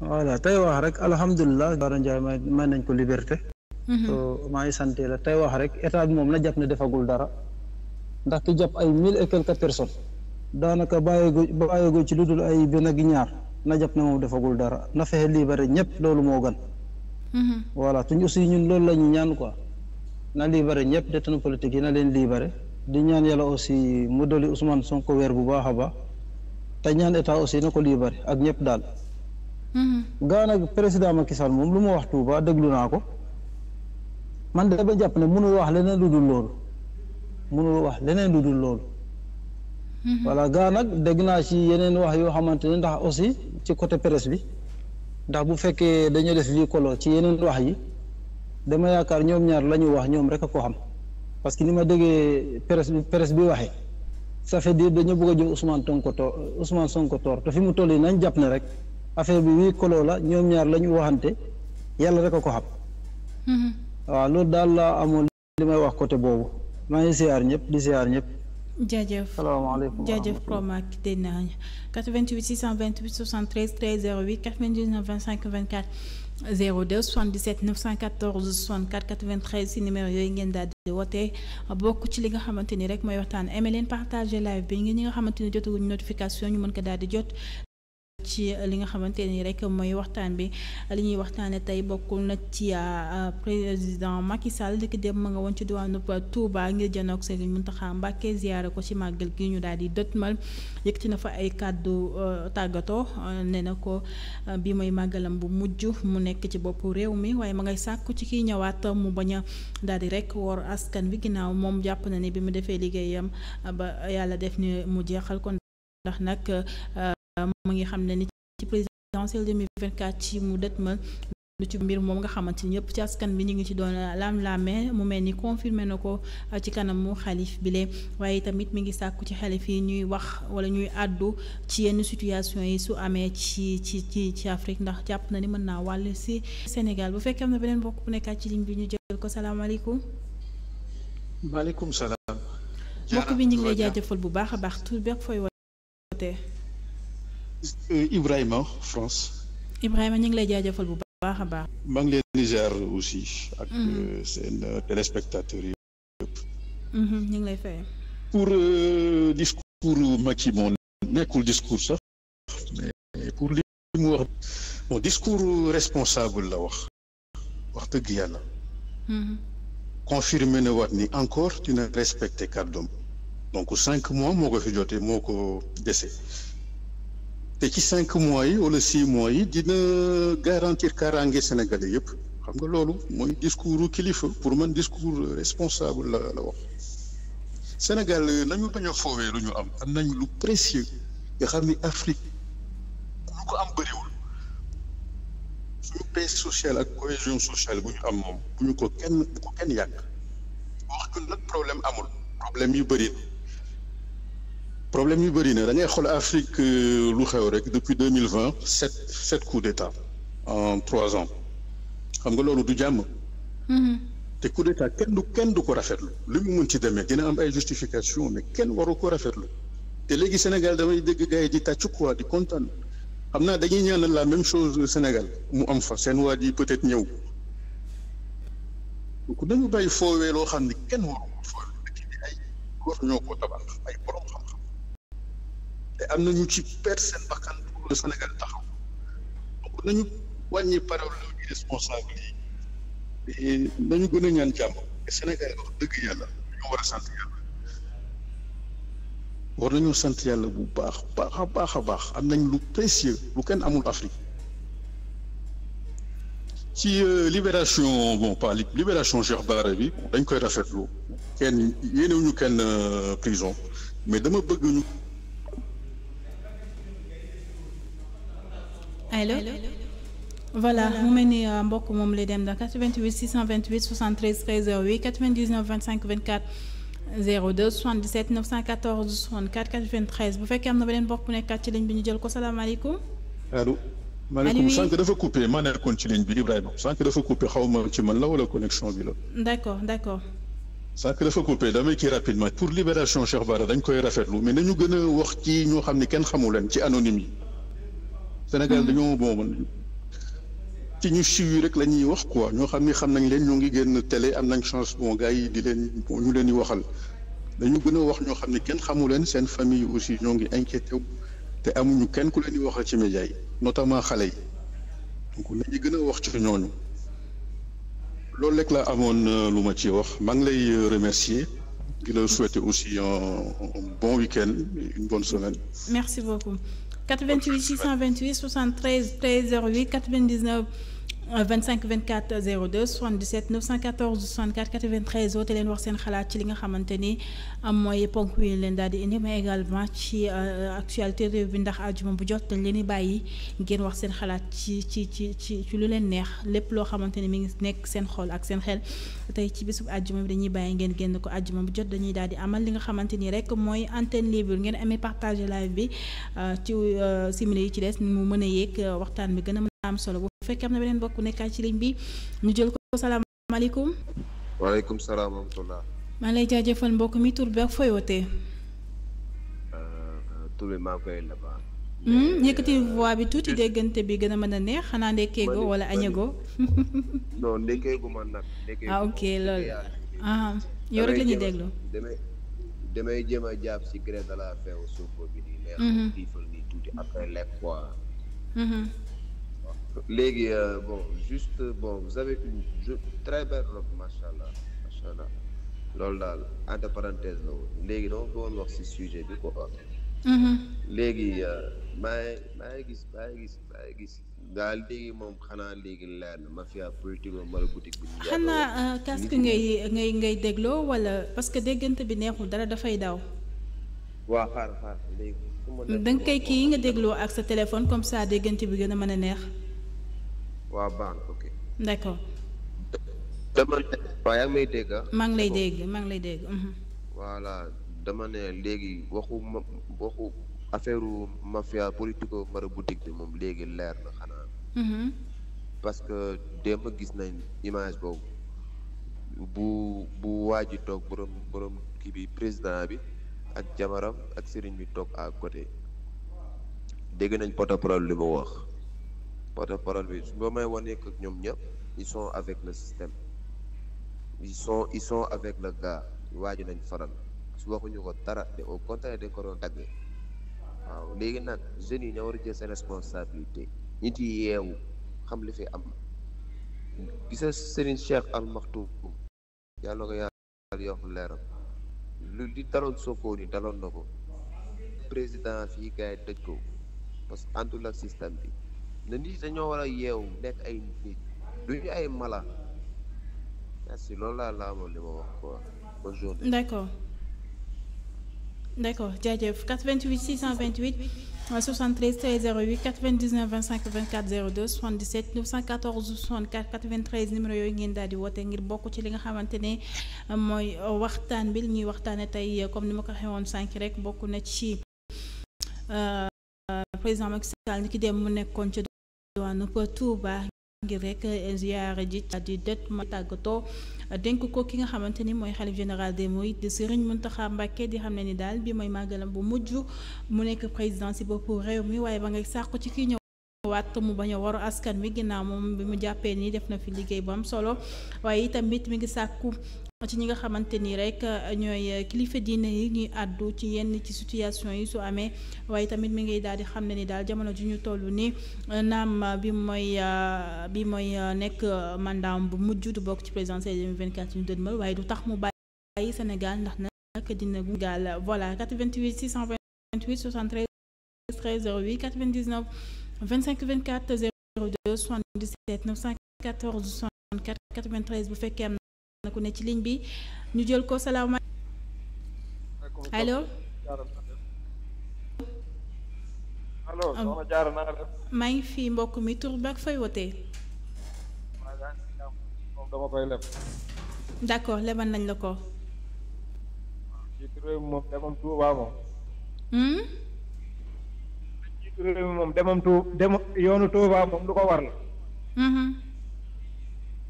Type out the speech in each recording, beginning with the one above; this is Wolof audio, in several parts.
voilà tey wax rek alhamdulilah Bara Ndiaye may nañ ko liberté mhm. maa ngi sant la tey wax rek état bi moom na jàpp ne defagul dara ndax ki jàpp ay mille et quelques personnes daanaka bàyyeegoo bàyyeegoo ci lu dul ay benn ak ñaar na jàpp ne moom defagul dara na fexe libéré ñëpp loolu moo gan mhm. voilà tuñ aussi ñun loolu la ñaan ko na libéré ñëpp détenu politique yi na leen libéré di ñaan yàlla aussi mu dolli Ousmane Sonko weer bu baax a baax te ñaan état aussi na ko libéré ak ñëpp daal Mm-hmm. gaa nag président Macky Sall moom lu ma wax Touba déglu naa ko man de dama jàpp ne mënul wax leneen lu dul loolu mënul wax leneen lu dul loolu. Mm-hmm. voilà gaa nag dégg naa ci yeneen wax yoo xamante ne ndax aussi ci côté presse bi ndax bu fekkee dañoo def lii kolo ci yeneen wax yi dama yaakaar ñoom ñaar la ñu wax ñoom rek a ko xam parce que ni ma déggee presse bi presse bi waxee. ça fait dire dañoo bëgg a jëm Ousmane Sonko toor Ousmane Sonko toor te fi mu toll yi nañ jàpp ne rek. affaire bi wii koloo la ñoom ñaar la ñu waxante yàlla rek a ko xam. Mm-hmm. waaw loolu daal laa amoon li may wax côté boobu maa ngi siyaar ñëpp di siyaar ñëpp. jaajëf salaamaaleykum jaajëf Promac dégg naa ñu 88 628 73 13 08 99 25 24 02 77 914 64 93 si numéro yooyu ngeen daal di woote bokk ci li nga xamante ni rek mooy waxtaan aimé leen partager live bi ngeen ñi nga xamante ni jotaguñu notification ñu mën ko daal di jot. ci li nga xamante nii rek mooy waxtaan bi li ñuy waxtaanee tey bokkul na ci euh, président Macky Sall di ko dem ma nga woon ci diwaanu Touba ngir janoog Serigne Mountakha Mbacké ziyaare ko ci màggal gi ñu daal di dëtmal yëkkati na fa ay kàddu euh, tàggatoo euh, nee na ko bi may màggalam bu mujj mu nekk ci boppu réew mi waaye ma ngay sàkku ci kiy ñëwaat mu baña a daal di rek wor askan bi ginnaaw moom jàpp na ni bi mu defee liggéeyam ba yàlla def ni mu jeexal ko ndax nag mu ngi xam ni ci présidentielle 2024 mu dëtmal lu mbir moom nga xamante ni ñëpp ci askan bi ñu ngi ci doon lam-laame mu mel ni confirmé na ko ci kanamu xalif bile waaye tamit mu ngi sàkku ci xalif yi ñuy wax wala ñuy àddu ci yenn situation yi su amee ci ci ci ci Afrique ndax jàpp na ni mën naa wàll si senegal bu fekkee am na beneen mbokk bu nekkaat ci ligne bi ñu jël ko salaamaaleykum. maaleykum salaam. mbokk bi ñu ngi lay jaajëfal bu baax a baax Euh, Ibrahima France. Ibrahima ñu ngi lay jaajëfal bu baax a baax. maa ngi leen di aussi. ak mhm. euh, seen euh, téléspectateurs yi yëpp. Mhm, ñu ngi lay fay. pour discours Macky moo nekkul discours sax pour li mu wax bon discours responsable la wax wax dëgg yàlla. Mhm. confirmé na waat ni encore dina respecté kàddoom donc cinq mois moo ko fi jotee moo ko dese. te ci cinq mois yi wala six mois yi dina garantir kaaraange sénégalais yëpp xam nga loolu mooy discours kilifa pour man discours responsable la la wax Sénégal nañu bañ a foowee lu ñu am am nañu lu précieux nga xam ni Afrique lu ko am bëriwul suñu paix sociale ak cohésion sociale bu ñu am moom bu ñu ko kenn bu ko kenn yàq wax nag problème amul problème yu bëri problème yu bëri na da ngay xool Afrique euh, lu xew rek depuis deux mille vingt sept sept coups d'état en trois ans xam nga loolu du jàmm. Mm-hmm. te coup d'état kenn du kenn du ko rafetlu lu mu mën ci demee dina am ay justification mais kenn waru ko rafetlu te léegi Sénégal damay dégg gars yi di tàcc quoi di kontaan xam naa dañuy ñaanal la même chose Sénégal mu am fa seen waa di peut-être ñëw. donc dañu bàyyi foowee loo xam ne kenn waru ko foowee ay góor ñoo ko tabax te am na ñu ci perte seen bakkan pour le Sénégal taxaw donc nañu wàññi parole yi responsable nañu gën ñaan jàmm te Sénégal dëgg yàlla ñoo war a sant yàlla war nañoo sant yàlla bu baax baax a baax am nañ lu précieux lu kenn amul Afrique ci euh, libération bon pas libération Cheikh Bara bi dañ koy rafetlu kenn yéenewuñu kenn euh, prison mais dama bëgg ñu. allo voilà mu mel ni euh, mbokk moom lay dem da 88 628 73 13 08 99 25 24 02 77 914 64 93 bu fekkee am na beneen mbokk bu nekkaat ci ligne bi ñu jël ko salaamaaleykum. allo maaleykum sànq dafa coupé maa nekkoon ci ligne bi Ibrahima sànq dafa coupé xaw ma ci man la wala connexion bi la. d' accord d' accord. sànq dafa coupé damay kii rapidement pour libération Cheikh Bara dañ koy rafetlu mais nañu gën a wax ci ñoo xam ne kenn xamu leen ci anonyme yi. Sénégal hmm. dañoo bon ci ñu siiw yi rek la ñuy wax quoi ñoo xam ni xam nañ leen ñoo ngi génn télé am nañ chance bon gars yi di leen ñu leen di waxal dañu gën a wax ñoo xam ne kenn xamu leen seen famille aussi ñoo ngi inquiété wu te amuñu kenn ku leen di waxal ci média yi notamment xale yi donc nañu gën a wax ci ñooñu loolu rek la amoon euh, lu ma ci wax maa ngi lay euh, remercier di la souhaiter aussi un bon week une bonne semaine. merci beaucoup. 88 628 73 13 08 99 25 24 02 77 914 64 93 oo te leen wax seen xalaat ci li nga xamante ni am mooy ponk wi leen daal di indi mais également ci euh, actualité réew bi ndax àjjuma bu jot dañ leen di bàyyi ngeen wax seen xalaat ci ci ci ci ci lu leen neex lépp loo xamante ni mi ngi nekk seen xol ak seen xel tey ci bisub àjjuma bi dañuy bàyyi ngeen génn ko àjjuma bu jot dañuy daal di amal li nga xamante ni rek mooy antenne libre ngeen amee partage live bi euh, ci euh, simili yi ci des mu mën a yéeg waxtaan bi gën a mën a am solo. fekkee am na beneen mbokk nekkaat ci ligne bi ñu jël ko salaamaaleykum. waaleykum salaam wa rahmatulah. lay jaajëfal mbokk mi tur bi ak euh, euh, hmm, euh, bi tuuti déggante bi gën a mën a neex xanaa ndekkeego wala añego. non ndekkeegu man nag. Ah, ok loolu ah, yow rek la ñuy damay jéem a jàpp si gré la fin suuf bi di neex. diifal lekk quoi. léegi euh, bon juste euh, bon vous avez une je, très belle robe macha allah macha daal entre parenthèse la woon léegi dama ko woon wax si sujet bi quoi. Mm-hmm. léegi euh, maa ngi gis maa ngi gis maa gis. daal léegi moom xanaa léegi leer na mafia politique moom wala boutique bi. xanaa euh, casque ngay ngay ngay dégloo wala parce que déggante bi neexul dara dafay daw. waa xaar xaar léegi. da koy kii nga dégloo ak sa téléphone comme ça déggante bi gën a mën a neex. waaw baax na ok. d' dama ne waaw yaa may dégg ah? maa lay dégg maa lay dégg. voilà dama ne léegi waxu ma waxu affaire mafia politico maraboutique bi moom léegi leer na xanaa. Mhm. parce que démb gis nañ image boobu bu bu waaj toog borom borom kii bi président bi ak jamaram ak sëriñ bi toog à côté dégg nañ porte-parole li mu wax. porte-parole bi loo may wane que ñoom ñëpp ils avec le système ils sont avec le gars waaju nañ faral su waxuñu ko tara te au contraire dañ ko doon dagg waaw léegi nag jeunes yi ñoo war a jël seen responsabilité nit yi yeewu xam li fi am gisa Serigne Cheikh Al Maktoum yàlla ko yàlla yokk leeram lu li daloon Sokone daloon na ko président fii gars yi dëj ko parce que àndul ak système bi ne nit dañoo war a yeewu nekk ay nit duñu ay mala merci loolu laa la amoon li ma wax quoi bonne journée. d'accord d'accord jaajëf 88 628 73 13 08 99 25 24 02 77 914 64 93 numéro yooyu ngeen daal di woote ngir bokk ci li nga xamante ne mooy waxtaan bi li ñuy waxtaane tey comme ni ma ko waxee woon sànq rek bokk na ci euh, président Macky Sall ni ki dem mu nekkoon ci. diwaanub Touba ngir rek eh, ziyaara ji di det ma tàggatoo eh, dénk ko ki nga xamante ni mooy xalif général des mourides di Serigne Mountakha Mbacké di xam ne ni daal bi mooy màggalam bu mujj mu nekk président ci boppu réew mi waaye ba ngay sàqu ci ki ñëw waat mu bañ a waru askan wi ginnaaw moom bi mu jàppee nii def na fi liggéey bu am solo waaye itamit mi ngi sàkku ci ñi nga xamante ni rek euh, ñooy euh, kilifa diine yi ñuy àddu ci yenn ci situation yi su amee waaye tamit mu ngi daal di xam ne ni daal jamono ji ñu toll ni euh, naam bi mooy bi mooy nekk mandaam bu mujj du bokk ci présidentielle 2024 ñu dëdmal waaye du tax mu bàyyi Sénégal ndax nag dina gu gaal voilà 88 628 73 13 08 99 25 24 02 77 914 64 93 bu fekkee am ku ne ci ligne bi ñu jël ko salaamaaleykum allo maa ngi fi mbokk mi tur ba ak fay wootee dama koy nañ la ko jiitu réew moom demam Tuuba moom hmm? jiitu demam Tuuba moom lu ko war la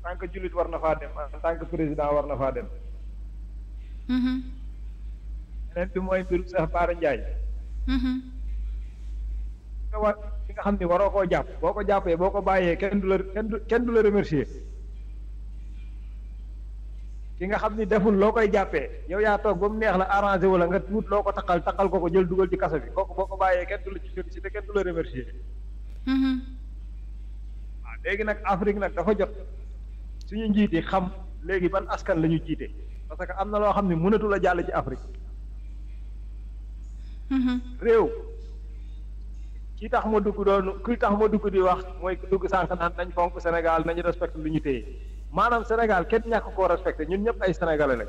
tant que jullit war na faa dem en tant que président war na faa dem. Mm-hmm. mooy mbiru Cheikh Bara Ndiaye. Mm-hmm. nga war xam ni waroo koo jàpp boo ko jàppee boo ko bàyyee kenn du la kenn du kenn du la remercier. ki nga xam ni deful loo koy jàppee yow yaa toog ba mu neex la arangé wala nga tuut loo ko taxal taxal ko ko jël dugal ci kaso bi kooku boo ko bàyyee kenn du la ci félicité kenn du la remercier. Mm-hmm. léegi nag Afrique nag dafa jot suñu njiit yi xam léegi ban askan la ñu jiite parce que am na loo xam ne mënatul a jàll ci Afrique mm-hmm. réew ki tax ma dugg doon ki tax ma dugg di wax mooy dugg sànq naan nañ fonk senegal nañu respecté lu ñu téye maanaam Sénégal kenn ñàkk koo respecté ñun ñëpp ay sénégalais lañ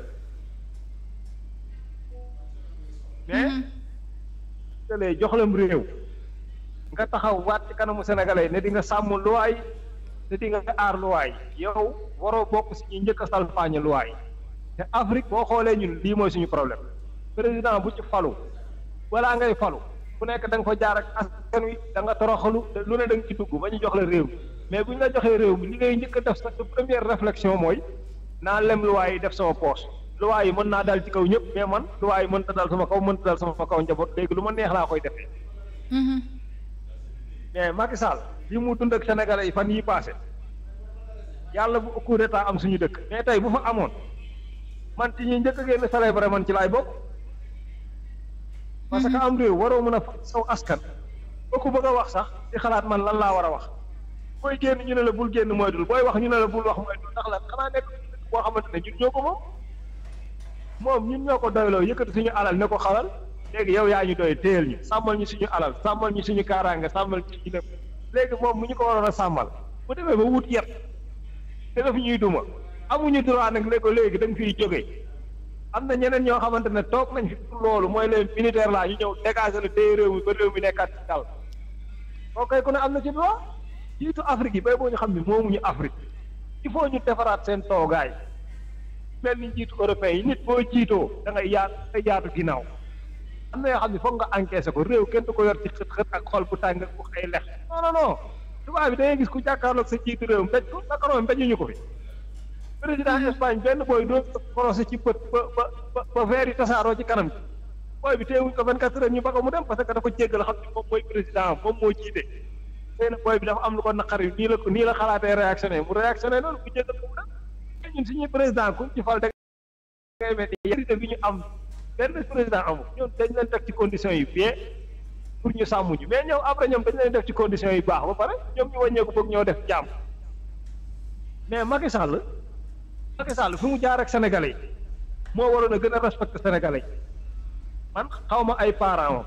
mais tëlee mm-hmm. joxlam réew nga taxaw waat ci kanamu sénégalais ne di nga sàmm loo ay te di nga aar luwaay yow waroo bokk si ñuy njëkk a salfaañe luwaay te Afrique boo xoolee ñun lii mooy suñu problème président bu ci falu balaa ngay falu bu nekk da nga fa jaar ak askan wi da nga toroxalu te lu ne da nga ci dugg ba ñu jox la réew mais bu ñu la joxee réew mi li ngay njëkk a def sa première réflexion mooy naa lem luwaay yi def sama poche luwaay yi mën naa dal ci kaw ñëpp mais man luwaay yi mën ta dal sama kaw mën ta dal sama kaw njaboot léegi lu ma neex koy defee mm-hmm. mais li mu dund senegal yi fan yi passé yàlla bu coup d'état am suñu dëkk mais tey bu fa amoon man ci ñuy njëkk a génn célébré man ci laay bokk parce que mhm. am réew waroo mën a faj saw askan ba ko bëgg a wax sax di xalaat man lan laa war a wax booy génn ñu ne la bul génn mooy dul booy wax ñu ne la bul wax mooy dul ndax la xanaa nekk dëkk boo xamante ne ñun ñoo ko moom moom ñun ñoo ko doyloo yëkkati suñu alal ne ko xalal léegi yow yaa ñu doy téyel ñu sàmmal ñu suñu alal sàmmal ñu suñu kaaraange sàmmal ñu léegi moom mu ñu ko waroon a sàmmal bu demee ba wut yet te daf ñuy duma amuñu droit nag léegi léegi da fiy jóge am na ñeneen ñoo xamante ne toog nañ fi loolu mooy leen militaire laa ñu ñëw dégager la tey réew mi ba réew mi nekkaat ci dal koo ku ne am na ci droit jiitu Afrique yi bay boo ñu xam ne moomuñu Afrique il faut ñu defaraat seen toogaay mel ni jiitu européen yi nit boo jiitoo da ngay yaatu da yaatu ginnaaw am na yoo xam ne foog nga encaissé ko réew kenn du ko yor ci xët xët ak xol bu tàng ak bu ay lex non non non tubaab bi da gis ku jàkkaarloog sa jiitu réew mbéj ko Macron mbéjuñu ko fi président Espagne benn booy doon ci bët ba ci kanam bi booy bi teewuñ ko 24 heures ñu ba ko mu dem parce que dafa jéggal xam ne moom mooy président moom moo jiite xëy na bi dafa am lu ko naqari nii la nii la xalaatee réactionné mu réactionné loolu bu jéggal ko mu dem ñun suñuy président kuñ ci ñu am benn président amul ñoom dañ leen teg ci conditions yi bien pour ñu sàmm ñu mais ñoom après ñoom dañ leen def ci condition yi baax ba pare ñoom ñu wàññeeku foog ñoo def jàmm mais Macky Sall Macky Sall fi mu jaar ak sénégalais yi moo waroon a gën a respecté sénégalais yi man xaw ma ay parents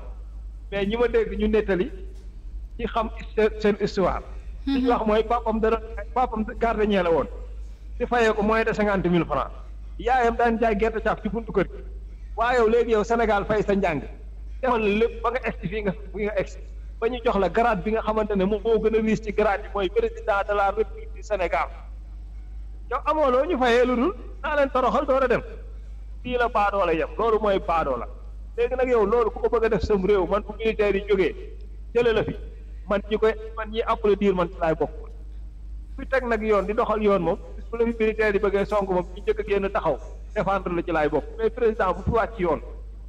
mais ñi ma dégg ñu nettali ci xam seen histoire. li ñu mhm. wax mooy papam dara papam ñee la woon. di fayee ko moins de cinquante mille francs yaayam daan jaay gerte caaf ci buntu kër gi waaye yow léegi yow Sénégal fay sa njàng defal lépp ba nga egsi fii nga fii nga egsi ba ñu jox la grade bi nga xamante ne moom moo gën a riis ci grade bi mooy président de la république du Sénégal yow amoo loo ñu fayee lu dul naa leen toroxal door a dem fii la baadoo la yem loolu mooy baadoo la léegi nag yow loolu ku ko bëgg a def sam réew man bu militaire yi jógee jële la fi man ñi koy man ñi applaudir man ci laay bokk fi teg nag yoon di doxal yoon moom bis bu la fi militaire yi bëggee song moom a taxaw défendre la ci laay bopp mais président bu fi wàcc yoon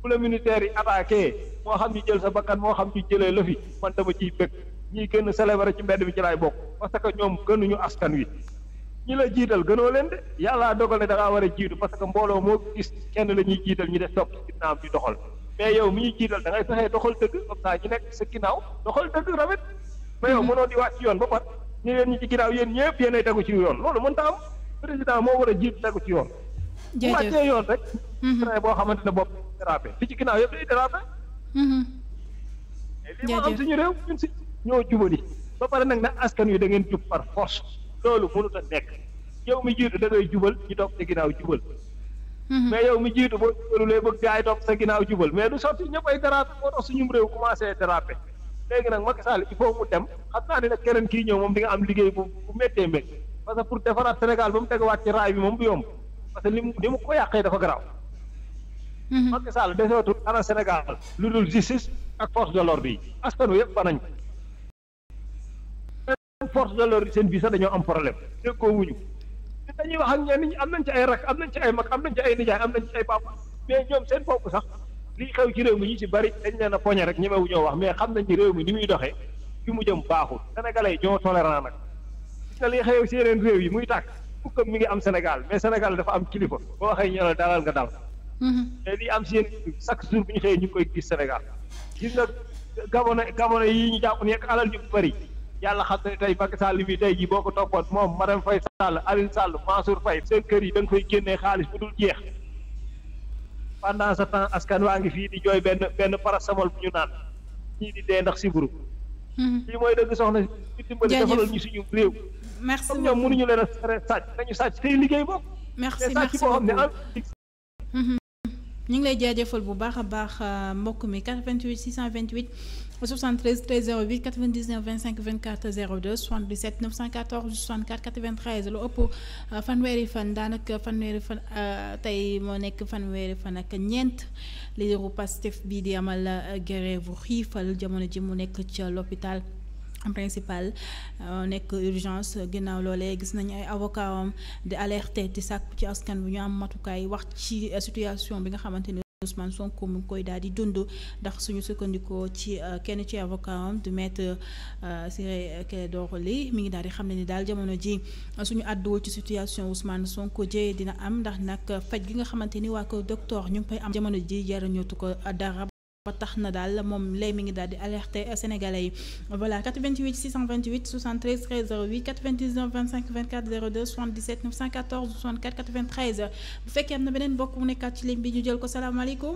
bu la militaire yi attaqué moo xam ñu jël sa bakkan moo xam ñu jëlee la fi man dama ciy bëgg ñiy gën a célébrer ci mbedd bi ci laay bokk parce que ñoom gënuñu askan wi ñi la jiital gënoo leen de yàllaa dogal ne da ngaa war a jiitu parce que mbooloo moo gis kenn la ñuy jiital ñu def topp ci ginnaawam di doxal mais yow mi ñu jiital da ngay fexee doxal dëgg comme ça ñu nekk sa ginnaaw doxal dëgg rafet mais yow mënoo di wàcc yoon ba pat ñu leen ñi ci yéen ñëpp yéenay tegu ci yoon loolu mën ta am moo war a tegu ci yoon bu wàccee yoon rek. Mhm. boo xamante ne bopp dérapé li ci ginaaw yëpp day dérapé. Mhm. li ma am suñu réew si ñoo jubali ba pare nag na askan wi da ngeen jub par force loolu mënut a nekk yow mi jiitu da ngay jubal ñu topp ci ginnaaw jubal. Mhm. mais yow mi jiitu boo jubalulee bëgg gaay topp sa ginnaaw jubal mais du sotti ñëpp ay dérapé moo tax suñu réew commencé dérapé léegi nag Macky Sall il mu dem xam naa ne nag keneen kii ñëw moom di nga am liggéey bu bu méttee métti parce que pour defaraat Sénégal ba mu tegawaat ci bi moom bu yomb. parce que ni mu li mu ko yàqee dafa garaaw. Mhm. Macky Sall deseetul ana Sénégal lu dul justice ak force de l'ordre yi askan wi yëpp ba nañ force de l'ordre seen bii sax dañoo am problème déggoo wuñu dañuy wax ak ñenn ñi am nañ ci ay rak am nañ ci ay mag am nañ ci ay nijaay am nañ ci ay papa mais ñoom seen bopp sax liy xew ci réew mi ñu ci bari dañ leen a poñe rek ñemewu ñoo wax mais xam nañ ni réew mi ni muy doxee fi mu jëm baaxul sénégalais yi ñoo tolérant nag gis yi muy tàkk comme mi ngi am Sénégal mais Sénégal dafa am kilifa boo waxee ñu ne la dalal nga dal. Mhm. te li am seen chaque jour bu ñu xëyee ñu ngi koy gis Sénégal gis nga gamono gamono yi ñu jàpp nekk alal ñu bëri yàlla xam ne tey Macky Sall bi tey jii boo ko toppoon moom Marème Faye Sall Aliou Sall Mansour Faye seen kër yi da nga fay génnee xaalis bu dul jeex. pendant ce temps askan waa ngi fii di jooy benn benn paracétamol bu ñu naan ñii di dee ndax siburu. Mhm. si dimbali defalal ñu suñu merci beaucoup mënuñu leen a sàcc nañu sàcc tey mhm. ñu ngi lay jaajëfal bu baax a baax euh, mbokk mi 88 628 73 13 08 99 25 24 02 77 914 64 93 lu ëpp euh, fanweeri fan daanaka fanweeri fan euh, tey moo nekk fanweeri fan ak ñeent leaderu Pastef bii di amal grève bu xiifal jamono ji mu nekk ca l'hôpital principal euh, nekk urgence euh, ginnaaw loolee gis nañu ay avocat am di alerter di sàkku ci askan bi ñu am matukaay wax ci euh, situation bi nga xamante ni Ousmane Sonko mu ngi koy daal di dund ndax suñu sukkandikoo ci kenn ci avocat am du maître Ciré Clédor Ly mu ngi daal di xam ne ni daal jamono ji suñu àdduwul ci situation Ousmane Sonko jëyee dina am ndax nag faj gi nga xamante ni waa ko docteur ñu ngi am jamono ji jarañootu ko dara ba na daal moom lay mi ngi daal di alerter euh, sénégalais yi voilà 88 628 73 13 08 99 25 24 02 77 914 64 93 bu fekkee am na beneen bokk mu nekkaat ci ligne bi ñu jël ko salaamaaleykum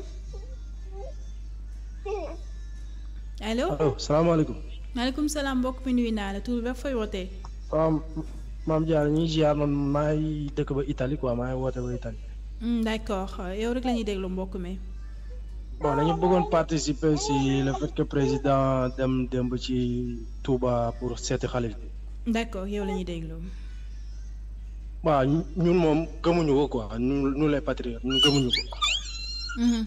allo allo salaamaaleykum. maaleykum salaam mbokk mi nuyu naa la tur bi fooy wootee. waaw maam Diarra ñuy ziar man maa ngi dëkk ba Italie quoi maa ngi woote ba Italie. Hmm, d'accord yow rek la ñuy déglu mbokk mi. bon dañu bëggoon participer si le fait président dem démb ci Touba pour seeti xalif bi. d'accord yow la ñuy déglu. waaw ñun moom gëmuñu ko quoi ñun ñu les patriotes ñun gëmuñu ko. Mhm.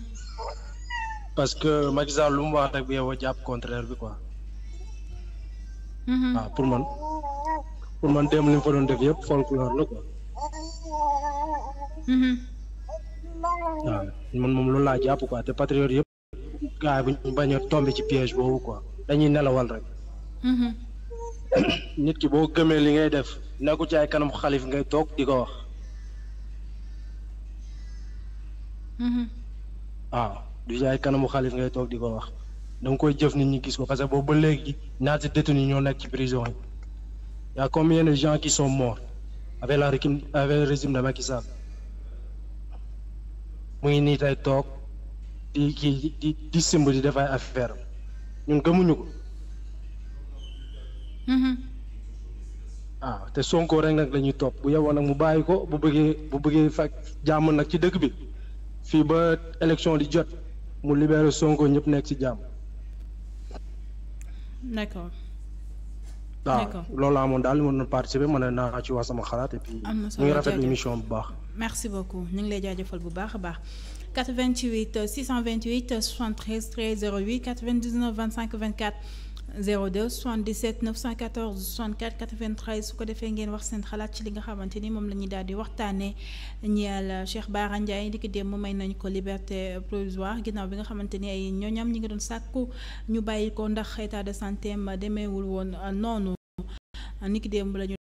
parce que Macky Sall lu mu wax rek yow jàpp contraire bi quoi. waaw mhm. ah, pour man pour man démb li mu fa doon def yëpp folklore la quoi. Mhm. waaw man moom loolu laa jàpp quoi te patriote yëpp gars yi bu ñu bañ a tombé ci piège boobu quoi dañuy nelawal rek. Mhm. nit ki boo gëmee li ngay def nekku ci ay kanam xalif ngay toog di ko wax. Mhm. waaw du ci ay kanamu xalif ngay toog di ko wax da nga koy jëf nit ñi gis ko parce que boobu ba léegi ñaata détenus ñoo nekk ci prison yi y' a combien de gens qui sont morts avec la avec régime de Macky Sall. mu ngi nii tey toog di kii di di simb di def ay affaire ñun ko. Mm-hmm. ah te sonkoo rek nag lañuy ñuy topp bu yeboo nag mu bàyyi ko bu bëggee bu bëggee fekk jàmm nag ci dëkk bi fii ba élection di jot mu libéré sonkoo ñëpp nekk ci jàmm. d'accord. waaw ah, loolu laa amoon daal li ma doon participer mën naa ci wax sama xalaat et puis. am na solo ñu mission émission bu baax. merci beaucoup ñu ngi lay jaajëfal bu baax a baax. 88 628 73 13 08 99 25 24. 02 77 914 64 93 su ko defee ngeen wax seen xalaat ci li nga xamante ni moom la ñuy daal di waxtaanee ñeel Cheikh Bara Ndiaye di ko démb may nañ ko liberté provisoire ginnaaw bi nga xamante ni ay ñooñam ñi ngi doon sàkku ñu bàyyi ko ndax état de santé am demeewul woon noonu niki démb la ñu